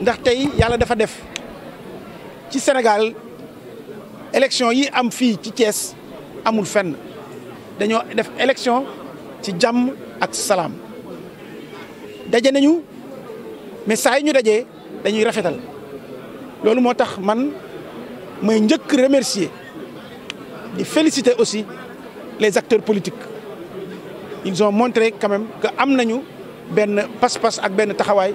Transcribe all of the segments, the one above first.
ndax tey yàlla dafa def ci Sénégal élection yi am fi ci Thiès amul fenn dañoo def élection ci jam ak salam. dajé nañu mais say ñu dajé dañuy rafétal lolu motax man may ñëk remercier di féliciter aussi les acteurs politiques ils ont montré quand même que am nañu benn pas-pas ak benn taxaway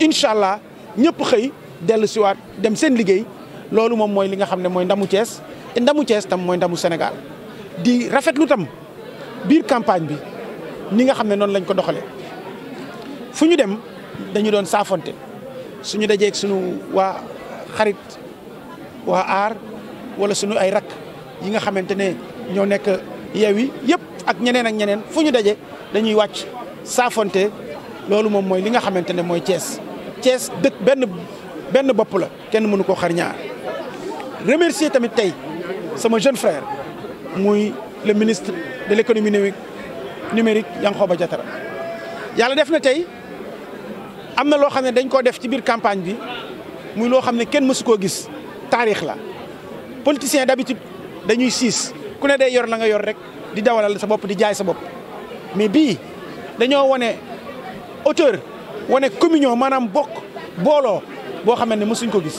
inshallah ñepp xey delu ci wat dem seen liggey lolu mom moy li nga xamne moy ndamu Thiès ndamu Thiès tam moy ndamu Sénégal di lu tam bir campagne bi ni nga xamne non lañ ko doxale fuñu dem dañu doon safonté suñu ak suñu wa xarit wa ar wala suñu ay rak yi nga xamantene ño nek yewi Yewwi ak ñeneen ak ñeneen fuñu dajé dañuy wacc safonté lolu mom moy li nga xamantene moy ties deuk ben ben bop la kenn mënu ko xar ñaar remercier tamit tay sama jeune frère muy le ministre de l'économie numérique numérique Yankhoba Diattara yàlla def na tay amna lo xamne dañ ko def ci bir campagne bi muy lo xamne kenn mësu ko gis tarikh la politiciens d'habitude dañuy six ku ne day yor la nga yor rek di dawalal sa bop di jaay sa bop mais bi dañoo woné auteur wane communion maanaam bokk booloo boo xam ne mësuñ ko gis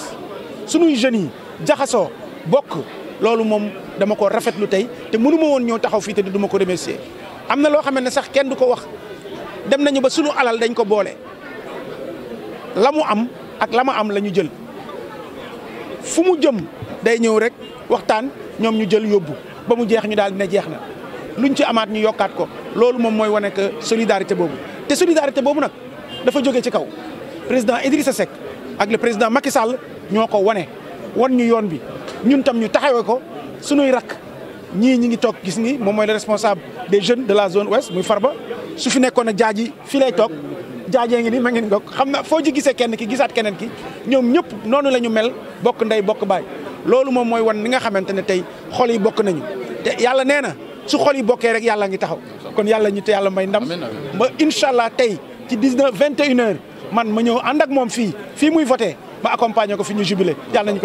sunuy jeunes yi jaxasoo bokk loolu moom dama ko rafetlu tey te mënuma woon ñëw taxaw fii te du ma ko remercier am na loo xam ne sax kenn du ko wax dem nañu ba sunu alal dañ ko boole la mu am ak la ma am la ñu jël fu mu jëm day ñëw rek waxtaan ñoom ñu jël yóbbu ba mu jeex ñu daal dina jeex na luñ ci amaat ñu yokkaat ko loolu moom mooy wane que solidarité boobu te solidarité boobu nag. dafa jóge ci kaw président Idrissa Seck ak le président Macky Sall ñoo ko wane wan ñu yoon bi ñun tam ñu taxawee ko suñuy rakk ñii ñi ngi toog gis ni moom mooy la responsable des jeunes de la zone ouest muy Farba su fi nekkoon a jaaji fi lay toog jaajee ngi ni ma ngeen bokk xam na foo ci gisee kenn ki gisaat keneen ki ñoom ñëpp noonu la ñu mel bokk ndey bokk baay loolu moom mooy wan ni nga xamante ne tey xol bokk nañu te yàlla nee na su xol yi bokkee rek yàlla ngi taxaw kon yàlla ñu te yàlla may ndam ba incha tey 19, 21h, Man suis venu à fille, fille suis venu à voter, ma suis accompagné,